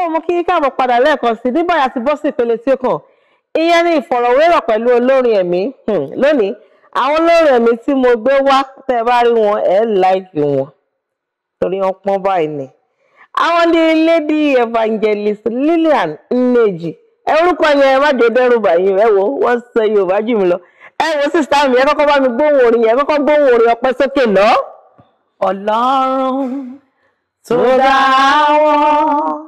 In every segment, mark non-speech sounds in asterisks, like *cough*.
so mo kí káàbọ̀ padà lẹ́ẹ̀kan sí ní báyà ti bọ́ sí ìpele tí ó kàn ìyẹn ní ìfọ̀rọ̀wérọ̀ pẹ̀lú olórin ẹ̀mí hmm, lónìí àwọn olórin ẹ̀mí tí mo gbé wá tẹ́ ẹ bá rí wọn ẹ̀ láìkì wọn torí wọn pọ́n báyìí ni àwọn ní lady evangelist Lillian Nneji ẹ yẹn ẹ má dé dẹ́rù báyìí ẹ wo wọ́n sọ Yorùbá jù mí lọ ẹ wo sísá mi ẹ kọ́kọ́ bá mi gbóhùn orin yẹn ẹ kọ́kọ́ gbóhùn orin ọpẹ́ sókè lọ. Ọlọ́run tó dá wọn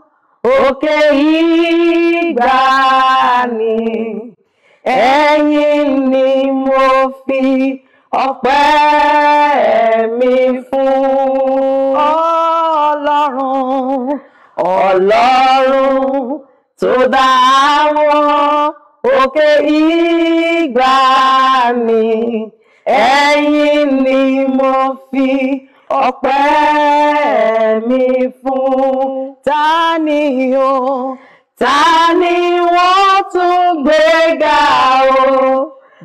òkè ìgbà ni ẹ̀yin ni mo fi ọpẹ́ mi fún ọlọ́run ọlọ́run tó dá wọn òkè ìgbà ni ẹ̀yin ni mo fi ọpẹ́ mi fún ta ni o ta ni wọ́n tún gbé o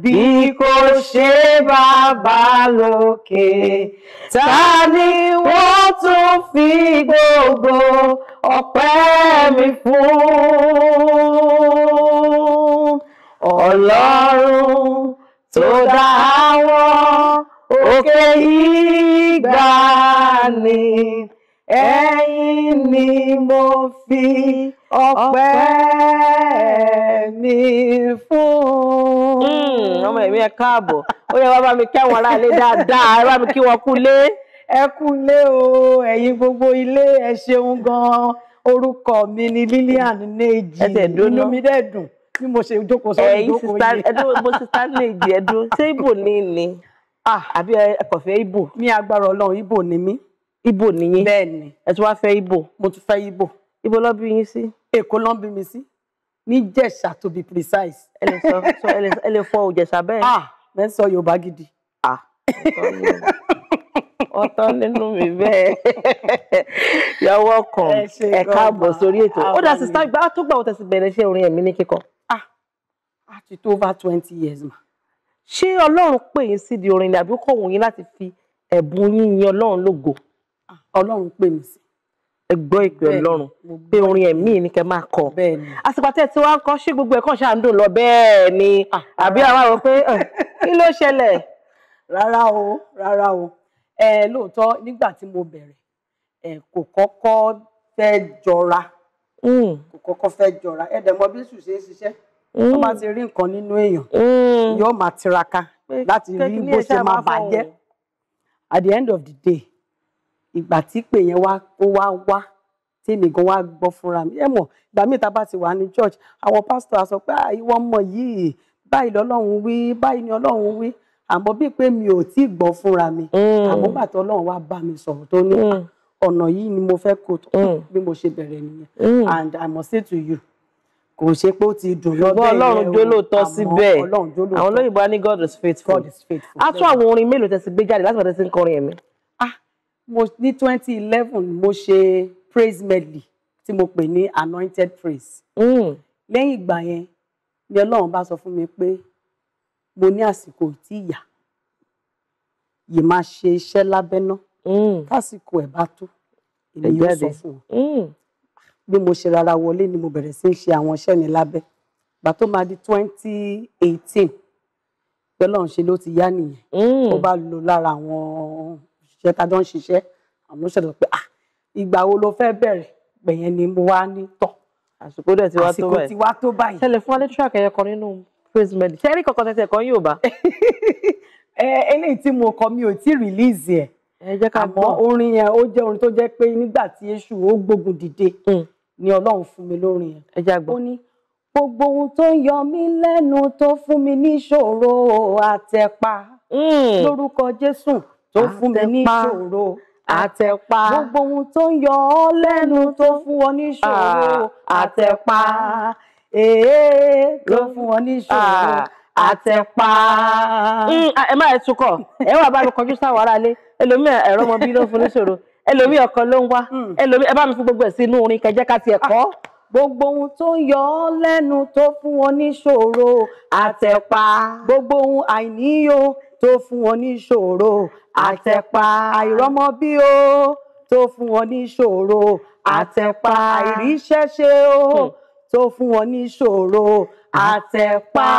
bí kò ṣe bàbá lókè ta ni wọ́n tún fi gbogbo ọpẹ́ mi fún ọlọ́run tó dáa òkè ìgbà ni ẹ̀yin ni mo fi ọpẹ́ mi fún. Hmm, ọmọ èmi ẹ káàbọ̀ ó yẹ wá bá mi kí àwọn aráalé dáadáa ẹ bá mi kí wọn kú lé. ẹ kú lé o ẹ̀yin gbogbo ilé ẹ ṣeun gan-an orúkọ mi ni Lillian Neji inú mi dẹ̀ dùn bí mo ṣe jókòó sọ́dún ìdókòó yìí. ẹ̀yin sísá ẹ̀dùn bó sísá Neji ẹ̀dùn ṣé ibo ni ni ah àbí ẹ kàn fẹ́ ibo mi agbára Ọlọ́run ibo ni mí ibo nìyẹn bẹ́ẹ̀ ni ẹ tún wá fẹ́ ibo mo tún fẹ́ ibo ibo ló bí yín sí Èkó ló bí mi sí níjẹ̀ṣà to be precise. ẹ lè sọ ẹ lè fọ òjẹ̀ṣà bẹ́ẹ̀. ah mẹ́ ń sọ Yorùbá gidi. ah ọ̀tọ̀ nínú mi bẹ́ẹ̀ you're welcome ẹ káàbọ̀ sórí ètò ah, ó dá sísá gbá tó gbà wọ́n tẹ̀sí bẹ̀rẹ̀ iṣẹ́ orin ẹ̀mí ní kíkọ. ah àti tó over twenty years ma ṣé ọlọ́run pè yín sí di orin ni àbí kò wù yín láti fi ẹ̀bùn yín yin ọlọ́run lógo. Ah, ọlọ́run pè mí sí. ẹ gbọ́ ìpè ọlọ́run pé orin ẹ̀mí ni kẹ́ máa kọ. àsìkò àti ẹ̀tí wa ń kọ́ ṣé gbogbo ẹ̀kọ́ ṣáà ń dùn lọ bẹ́ẹ̀ ni ah, àbí àwa rò pé ah, kí ló ṣẹlẹ̀. rárá o rárá o ẹ lóòótọ́ nígbà tí mo bẹ̀rẹ̀ ẹ kò kọ́kọ́ fẹ́ jọra hmm. kò kọ́kọ́ fẹ́ jọra ẹ sùn ṣe ń ṣiṣẹ́ tó mm. bá ti rí nǹkan nínú èèyàn mm. yóò máa tiraka láti rí bó ṣe máa bàjẹ́ at the end of the day ìgbà tí pè yẹn wá ó wá wá tí èmi gan wá gbọ́ fúnra mi ẹ mọ̀ ìgbà míì tá bá ti wà ní church àwọn pásítọ̀ á sọ pé ah, ìwọ ọmọ yìí báyìí lọ́lọ́run wí báyìí ni ọlọ́run wí àmọ́ bíi pé mi ò tí ì gbọ́ fúnra mi mm. àmọ́ bàtà ọlọ́run wá bá mi sọ̀rọ̀ tó ní ah, ọ̀nà yìí ni mo fẹ́ kó tó bí mo ṣe bẹ̀rẹ̀ nìyẹn and I must say to you kò ṣe pé ó ti dùn lọ́dọ̀ yẹn o ọlọ́run jó lóòótọ́ síbẹ̀ àwọn olóyìnbó á ní God is faithful God is faithful á tún àwọn orin mélòó tẹ̀sí gbé jáde láti bàtẹ́ sí ń kọrin ẹ̀mí. ah mo ní twenty eleven mo ṣe praise medley tí mo pè ní anointed praise. Hmm. lẹ́yìn ìgbà yẹn ni ọlọ́run bá sọ fún mi pé mo ní àsìkò tí ìyá yìí máa ṣe iṣẹ́ lábẹ́ná hmm. tásìkò ẹ̀ bá tó èmi yóò sọ fún ọ bí mo ṣe rárá wọlé ni mo bẹ̀rẹ̀ sí í ṣe àwọn iṣẹ́ mi lábẹ́ gbà tó máa di twenty eighteen bẹ́lọ́run ṣe ló ti yá nìyẹn mm. ó bá lò lára àwọn òṣìṣẹ́ tá a jọ ń ṣiṣẹ́ àwọn ló pé ah ìgbà wo ló fẹ́ bẹ̀rẹ̀ gbẹ̀yẹn ni mo wá ní tọ̀ àsìkò dẹ̀ ti wá tó báyìí àsìkò ti wá tó báyìí. tẹlẹ fún alẹ́ tíráàkì ẹ̀yẹ kan nínú praise melody tẹ́rí kankan tẹ̀sẹ̀ kan yóò bá. *laughs* Eh, eléyìí tí mo kọ mi ò tí release ẹ̀. ẹ jẹ́ ká mọ̀ àmọ́ orin yẹn ó jẹ́ orin tó jẹ́ pé nígbà tí èṣù ó gbógun dìde mm ni Ọlọ́run fún mi lórin yẹn. ẹ jágbọ́. ó ní gbogbo ohun tó ń yọ mí lẹ́nu tó fún mi níṣòro àtẹ̀pa hmm. lórúkọ Jésù tó fún mi níṣòro àtẹ̀pa gbogbo ohun tó ń yọ ọ́ lẹ́nu tó fún wọn níṣòro ah, àtẹ̀pa èé ló fún wọn níṣòro ah, àtẹ̀pa. Hmm, ẹ má ẹ tukọ̀ ẹ wà bá mi kọjú sáwọn aráalé ẹlòmíràn ẹ̀rọ ọmọ bí ló fún níṣòro ẹlòmíì ọkàn ló ń wá hmm. ẹlòmíì ẹ bá mi fi gbogbo ẹ̀ sínú orin kẹjẹ́ ká tiẹ̀ kọ́ ah. gbogbo ohun tó ń yọ ọ́ lẹ́nu tó fún wọn níṣòro àtẹ̀pa gbogbo ohun àìníyó tó fún wọn níṣòro àtẹ̀pa àìrọ́mọ bí ó tó fún wọn níṣòro àtẹ̀pa àìríṣẹ́ṣe ó hmm. tó fún wọn níṣòro àtẹ̀pa.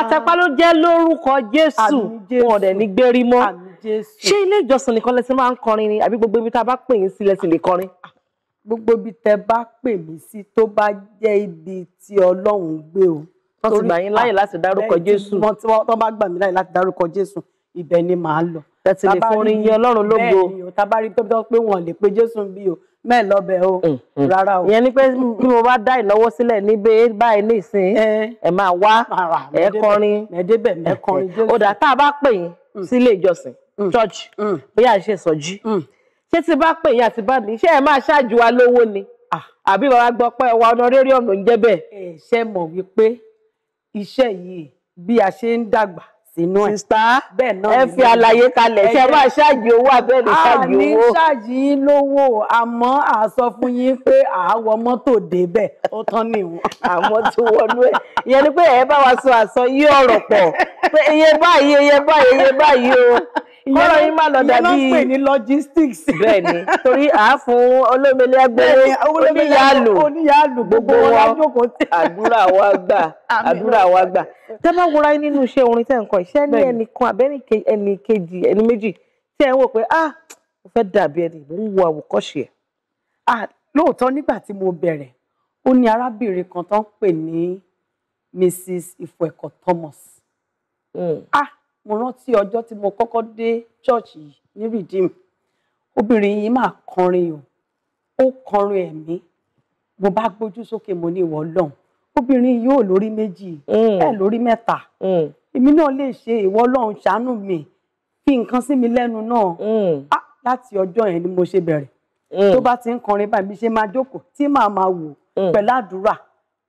àtẹ̀pa ló jẹ́ lórúkọ Jésù wọn ò dẹ̀ ní gbérí mọ́. Jésù. ṣé ilé ìjọsìn nìkan lẹsìn máa ń kọrin ni àbí gbogbo ibi tá a bá pè yín sí lẹsìn lè kọrin. Ah, gbogbo ibi tẹ bá pè mí sí tó bá jẹ́ ibi tí Ọlọ́run gbé o. wọ́n ti gbà yín láyè láti ah, dárúkọ Jésù. wọ́n bá gbà mí láyè láti dárúkọ Jésù ibẹ̀ ni màá lọ. tẹ̀sí lè forin yín Ọlọ́run lógo. bẹ́ẹ̀ tabari tó bá pé wọ́n lè pe Jésù bí o mẹ́ẹ̀ lọ́bẹ̀ o mm, mm. rárá o. ìyẹn ni pé bí mo bá dá ìlọ́wọ́ sílẹ̀ níbi báyìí nísìn ẹ máa wá ẹ kọrin. mẹ́ẹ̀dẹ́bẹ̀ mẹ́ẹ̀kọrin Jésù. ó dà tá a bá pè yín mm. sílé ìjọsìn church mm. mm. bóyá ṣe sọjí mm. ṣé ti bá pè yín àti bá mi ṣé ẹ máa ṣáàjú wa lówó ni ah. àbí bàbá gbọ́ pé ọwọ́ honorarium ló ń jẹ́ bẹ́ẹ̀. ẹ ṣe mọ̀ wípé iṣẹ́ yìí bí a ṣe ń dàgbà sínú ẹ̀. sista ẹ fi àlàyé kalẹ̀ ṣe máa ṣáàjì owó abẹ́rẹ́ ṣáàjì owó. a ní ṣáàjì yín lówó àmọ́ a sọ fún yín pé àáwọ̀ mọ́tò débẹ̀ ó tán nìwọ̀n. *laughs* àmọ́ tó wọnú ẹ̀ ìyẹn ni pé ẹ̀ bá wa sọ àsọ yí ọ̀rọ̀ pọ̀ *laughs* pé iye báyìí iye báyìí iye báyìí o kọ́rọ̀ yín má lọ dàbí ìyẹn ló ń pè ní logistics. *laughs* bẹ́ẹ̀ ni torí àáfún olómele agbére oníyàlù oníyàlù gbogbo wọn *laughs* àdúrà wa gbà àdúrà wa gbà. tẹ́ bá wúra yín nínú iṣẹ́ orin tẹ́ ń kọ iṣẹ́ ní ẹnìkan àbẹ́ni ẹnì kejì ẹni méjì tí ẹ ń wò pé ah mo fẹ́ dàbí ẹni mo ń wo àwòkọ́ṣe ẹ̀. ah lóòótọ́ nígbà tí mo bẹ̀rẹ̀ ó ní arábìnrin kan tó ń pè ní Mrs Ifeokotomus. Mm. ah mo rántí ọjọ́ tí mo kọ́kọ́ dé church yìí ní redeem obìnrin yìí máa kọrin o ó kọrin ẹ̀mí mo bá gbójú sókè mo ní ìwọ Ọlọ́run obìnrin yìí ò lórí méjì hmm. bẹ́ẹ̀ lórí mẹ́ta hmm. èmi náà lè ṣe ìwọ Ọlọ́run ṣàánú mi kí nǹkan sí mi lẹ́nu náà hmm. láti ọjọ́ yẹn ni mo ṣe bẹ̀rẹ̀ tó bá ti ń kọrin báyìí mi ṣe máa jókòó tí màá máa wò pẹ̀lú àdúrà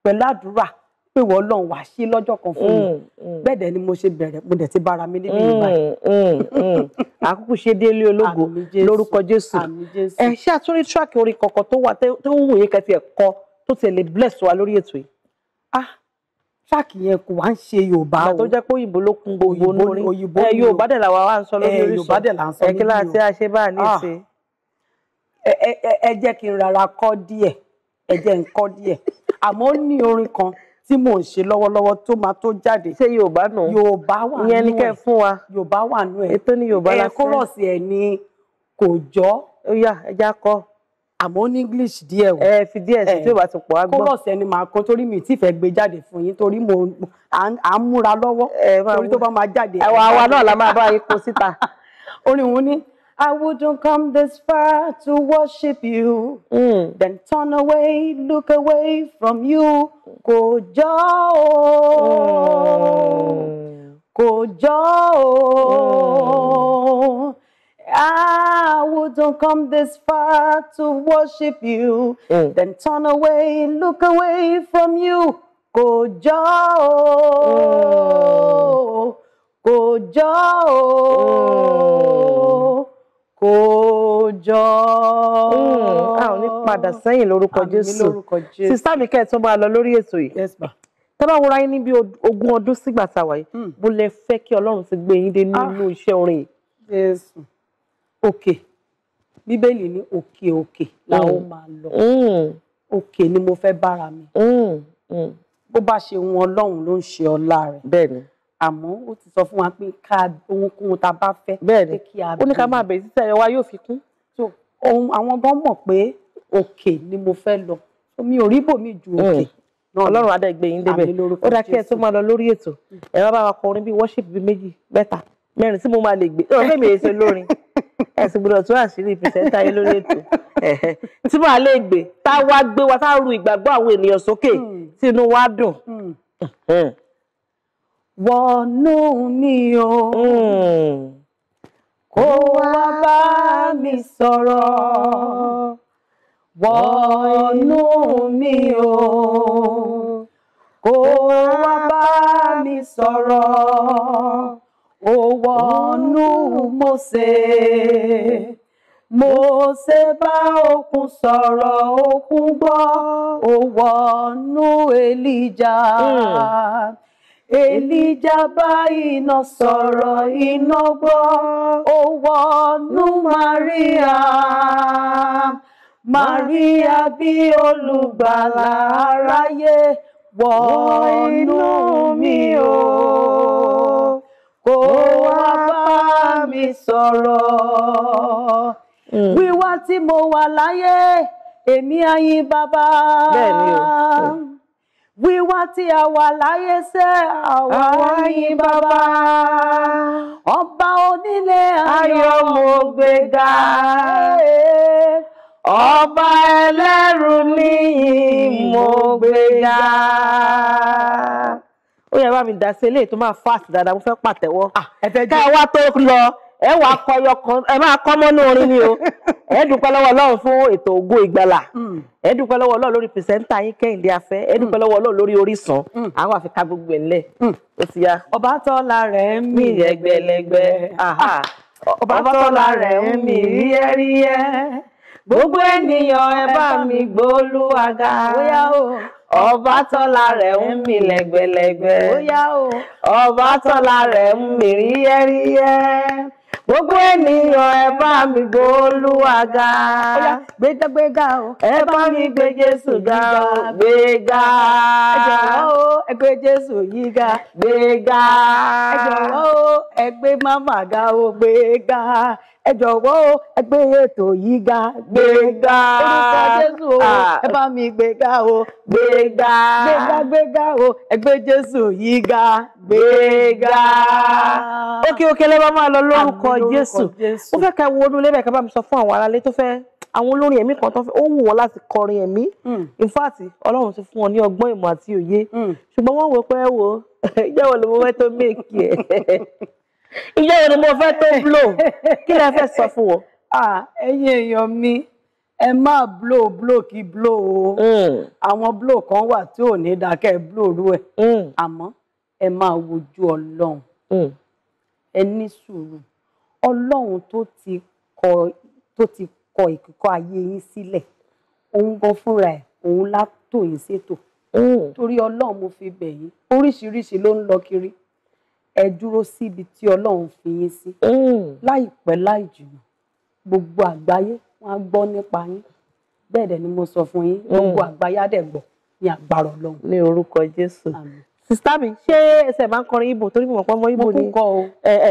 pẹ̀lú àdúrà pé wọ́n lọ́n wá sí lọ́jọ́ kan fún mi mm, mm. bẹ́ẹ̀ dẹ̀ ni mo ṣe bẹ̀rẹ̀ mo dẹ̀ ti bára mi níbi ìgbà yìí. Mm, *laughs* àkókò ṣe délé ológo lórúkọ jésù ẹ ṣé àtúndí tíráàkì orin kọ̀ọ̀kan tó wà tó wù yín kẹfì ẹ̀kọ́ tó tẹ̀lé bless wa lórí ètò yìí. ah tíráàkì yẹn kò wá ń ṣe yorùbá o. tó jẹ́ pé òyìnbó ló kún gbogbo lórí ẹ yorùbá dẹ̀ làwa wà ń sọ lórí orísun ẹ kí láti àṣẹ bá a ní ah, ìṣe. ẹ jẹ́ kí n rárá kọ́ díẹ̀ ẹ jẹ́ n kọ́ díẹ̀ àmọ́ ó ní orin kan tí mò ń ṣe lọ́wọ́lọ́wọ́ tó máa tó jáde. ṣé yorùbá nù. yorùbá wà nù ẹ ìyẹn ni kẹ́ fún wa. yorùbá wà nù ẹ ètò ni yorùbá lásán. ẹ kórọ̀sì ẹ ni kò jọ. ó yá ẹja kọ. àmọ́ ní english díẹ̀ o. ẹ fi díẹ̀ sí tí yorùbá ti pọ̀ á gbọ́. kórọ̀sì ẹni máa kọ torí mi tí fẹ́ gbé jáde fún yín torí mo à ń múra lọ́wọ́. torí tó bá máa jáde. àwa náà la máa bá yín kó síta. *laughs* orin òun ní I wouldn't come this far to worship you. Mm. Then turn away, look away from you. Kò jọ́ o, kò jọ́ I wouldn't come this far to worship you. Mm. Then turn away, look away from you. Kò jọ́ o, kò jọ́ kó jọ. Hmm, a ò ní padà sẹ́yìn lórúkọ Jésù sísá mi kẹ́ ẹ̀ tó lọ lórí ètò yìí. yes ma tọ́ba wúra yín ní bí ogún ọdún sígbà tá a wà yìí bó hmm. lẹ fẹ́ kí Ọlọ́run ti gbé yín dé ah. nínú iṣẹ́ orin yìí. òkè bíbélì ní òkè òkè làwọn hmm. máa lọ òkè ni mo fẹ́ bára mi bó bá ṣe wọn Ọlọ́run ló ń ṣe ọlá rẹ̀. bẹ́ẹ̀ni àmọ́ ó ti sọ fún wa pé ká ohunkóhun tá a bá fẹ́ pé kí a bẹ̀rẹ̀ ó ní ká máa bẹ̀rẹ̀ títẹ̀ wa yóò fi kún. so ohun àwọn gan mọ̀ pé òkè ni mo fẹ́ lọ so mi ò rí bòmí ju òkè. Mm. ọlọ́run adé gbé yín débẹ̀ ó dáa kí ẹ tó máa lọ lórí ètò mm. ẹ bá wa kọ orin bíi worship bíi méjì mẹ́ta mẹ́rin tí mo máa lè gbé ọ̀rọ̀ mẹ́mi èyí ṣe lórin ẹ̀sìn gbọdọ̀ tó àṣírí pìrìsẹ́ńtà yín lórí ètò *laughs* tí màá lè gbé tá a wá gbé wa tá a ru ìgbàgbọ́ àwọn ènìyàn sókè mm. tí inú wa dùn wọnú hmm. mi o kó wá bá mi sọ̀rọ̀ wọnú mi o kó wá bá mi sọ̀rọ̀ ó wọnú Mósè Mósè bá òkun sọ̀rọ̀ òkun gbọ́ ó wọnú Èlíjà. Mm èlìjà bá iná sọ̀rọ̀ iná gbọ́ ó wọnú Maria Maria bí olùgbàlà aráyé wọnú mi o kó wá bá mi sọ̀rọ̀ hmm. wíwá tí mo wà láyé èmi ayin bàbá. bẹ́ẹ̀ o wíwá tí a wà láyé sẹ́ àwa wáyìn bàbá ọba onílé ayọ̀ mo gbéga ọba ẹlẹ́rù níyìn mo gbéga. ó yẹ bá mi dá sí eléyìí tó máa fast dáadáa mo fẹ́ pàtẹ́wọ́ ah, ká wá tó lọ. ẹ wàá kọ ẹyọ kan ẹ máa kọ mọ́nú orin ni o ẹ dúpẹ́ lọ́wọ́ fún ètò Ògo Ìgbàlà hmm. ẹ dúpẹ́ lọ́wọ́ Ọlọ́run lórí pìrìsẹ́ńtà yín Kẹ́hìndé Afẹ́ ẹ dúpẹ́ hmm. lọ́wọ́ Ọlọ́run lórí Orísun hmm. àwọn àfikà gbogbo ẹ̀ ńlẹ̀ ó ti yá. ọba tọ́lá rẹ̀ ń mì lẹ́gbẹ̀lẹ́gbẹ̀ ah. ọba tọ́lá rẹ̀ ń mì ríyẹ́ríyẹ́ gbogbo ènìyàn ẹ bá mi gbóòlúwa ga Ọbátọ́lá rẹ̀ ń mì lẹ́gbẹ̀lẹ́gbẹ̀ Ọbátọ́lá rẹ̀ ń mì ríyẹ́ríyẹ́. gbogbo ènìyàn ẹ bá mi gbé Olúwa ga o ẹ bá mi gbé Jésù ga o gbéga ẹ o ẹ gbé Jésù yìí ga gbéga ẹ jọ̀wọ́ o ẹ gbé mama ga o gbéga ẹ jọ̀wọ́ o ẹ gbé ètò yìí ga gbéga o ah. ẹ bá mi gbéga o gbéga gbéga o ẹ gbé jésù yìí ga gbéga. ókè ókè lẹ́wọ́ máa lọ lórúkọ jésù ó fẹ́ ka wo onúlé bẹ́ẹ̀ ká bá mi sọ fún àwọn aráalé tó fẹ́ àwọn olórin ẹ̀mí kan tó fẹ́ ó wù wọ́n láti kọrin ẹ̀mí hmm. in fact ọlọ́run ti fún wọn ní ọgbọ́n ìmọ̀ àti òye hmm. ṣùgbọ́n wọ́n wò pé ẹ wò ìjẹ́ *laughs* wo ni mo fẹ́ tó méèkì ẹ̀ ìjẹ́ wo ni mo fẹ́ tó blow kí lẹ fẹ́ sọ fún wọn. ẹ̀yin èèyàn mi ẹ máa blow blow kí blow o hmm. àwọn blow kan wà tí ò ní dákẹ́ blow rú ẹ̀ àmọ́ ẹ máa wojú ọlọ́run hmm. ẹ ní sùúrù ọlọ́run tó ti kọ tó ti kọ ìkíkọ́ ayé yín sílẹ̀ òun gan fúnra ẹ̀ òun látò yín ṣètò hmm. torí ọlọ́run mo fi bẹ̀ yín oríṣiríṣi ló ń lọ kiri ẹ dúró síbi tí ọlọ́run fi yín sí hmm. láìpẹ́ láì jìnnà gbogbo àgbáyé wọn á gbọ́ nípa yín bẹ́ẹ̀ dẹ̀ ni mo sọ fún yín gbogbo àgbáyé á dẹ̀ gbọ́ ní agbára ọlọ́run. ní orúkọ jésù àmín sista mi ṣé ẹsẹ̀ máa ń kọrin ibo torí mo mọ̀ pé ọmọ ibo ni ẹ ẹ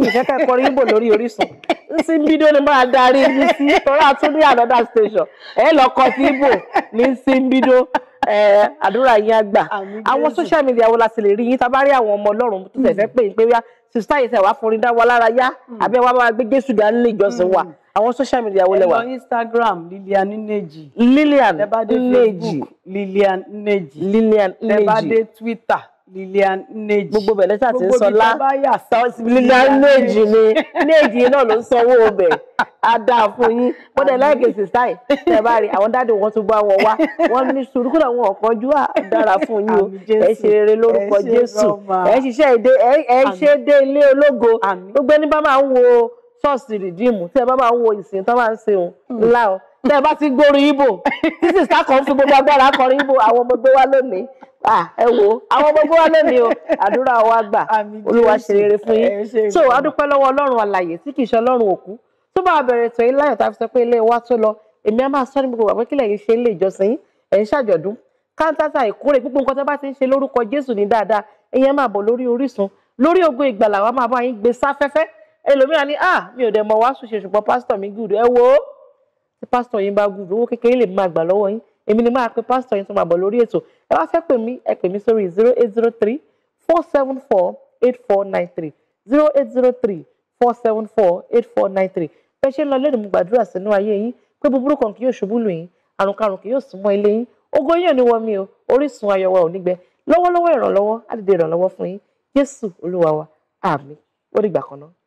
mi fẹ́ ká kọrin ibo lórí Orísun n sí bídíò ni máa darí ní sí torí àtún ní another station ẹ lọ kọ sí ibo ní sí bídíò àdúrà yín àgbà àwọn social media wo la sì lè rí yín tá bá rí àwọn ọmọ Ọlọ́run tó tẹ̀fẹ́ hmm. pé pé sista yìí tẹ̀ wá forin dá wa lára yá hmm. àbí ẹ wá máa gbé dání lè jọsìn wa hmm àwọn social media wo lẹ wà. ẹ lọ instagram lilian nneji. lilian nneji lilian nneji lilian nneji tẹ́ bá dé twitter lilian nneji gbogbo bẹ̀rẹ̀ tí a ti ń sọ lá lilian nneji ni nneji náà ló ń sanwó ọbẹ̀ á dáa fún yín wọ́n dẹ̀ láì gèsè sáì tẹ́ bá rí àwọn dáàdì wọn tún bá wọn wá wọ́n ní sùúrù kúrò àwọn ọ̀kanjú à dára fún yín o ẹ ṣe rere lórúkọ jésù ẹ ṣiṣẹ́ ẹ ṣe dé ilé ológo gbogbo ẹni bá máa ń wo ṣọ́ọ̀ṣì rìdíìmù tẹ́ ẹ bá máa ń wo ìsìn tó máa ń ṣe òun hmm. ńlá o tẹ́ ẹ bá ti gbórí ibo títí sákan fi gbogbo agbára kọrin ibo àwọn ọmọ gbé wá lónìí ẹ wo àwọn ọmọ gbé wá lónìí o àdúrà wa gbà olúwa ṣe rere fún yín so adúpẹ́ lọ́wọ́ ọlọ́run alààyè tí kì í ṣe ọlọ́run òkú tó bá bẹ̀rẹ̀ tó yín láyọ̀ tá a fi sọ pé ilé wa tó lọ èmi á máa sọ ní gbogbo àpé kílẹ̀ yín ṣe ilé ìjọsìn yín ẹ̀ ń ṣàjọ̀dún kántátà ìkórè gbogbo nǹkan tó bá ti ń ṣe lórúkọ jésù ní dáadáa ìyẹn máa bọ̀ lórí orísun lórí ògo ìgbàlà wa máa bá yín gbé sáfẹ́fẹ́ ẹlòmíràn ní ah mi ò dẹ̀ mọ̀ wàásù ṣe ṣùgbọ́n pásítọ̀ mi gùdù ẹ wo tí pásítọ̀ yín bá gùdù owó kékeré lè máa gbà lọ́wọ́ yín èmi ni máa pe pásítọ̀ yín tó máa bọ̀ lórí ètò ẹ wá fẹ́ pè mí ẹ pè mí sórí zero eight zero three four seven four eight four nine three zero eight zero three four seven four eight four nine three bẹ́ ṣe ń lọ lẹ́nu mo gbàdúrà sínú ayé yín pé búburú kan kì yóò ṣubú lù yín àrùn karùn kì yóò súnmọ́ ilé yín ògo yín ò ní wọ mí o orísun ayọ̀ wa lọ́wọ́lọ́wọ́ ìrànlọ́wọ́ á dìde ìrànlọ́wọ́ fún yín Jésù Olúwa wa àmín ó dìgbà kan náà.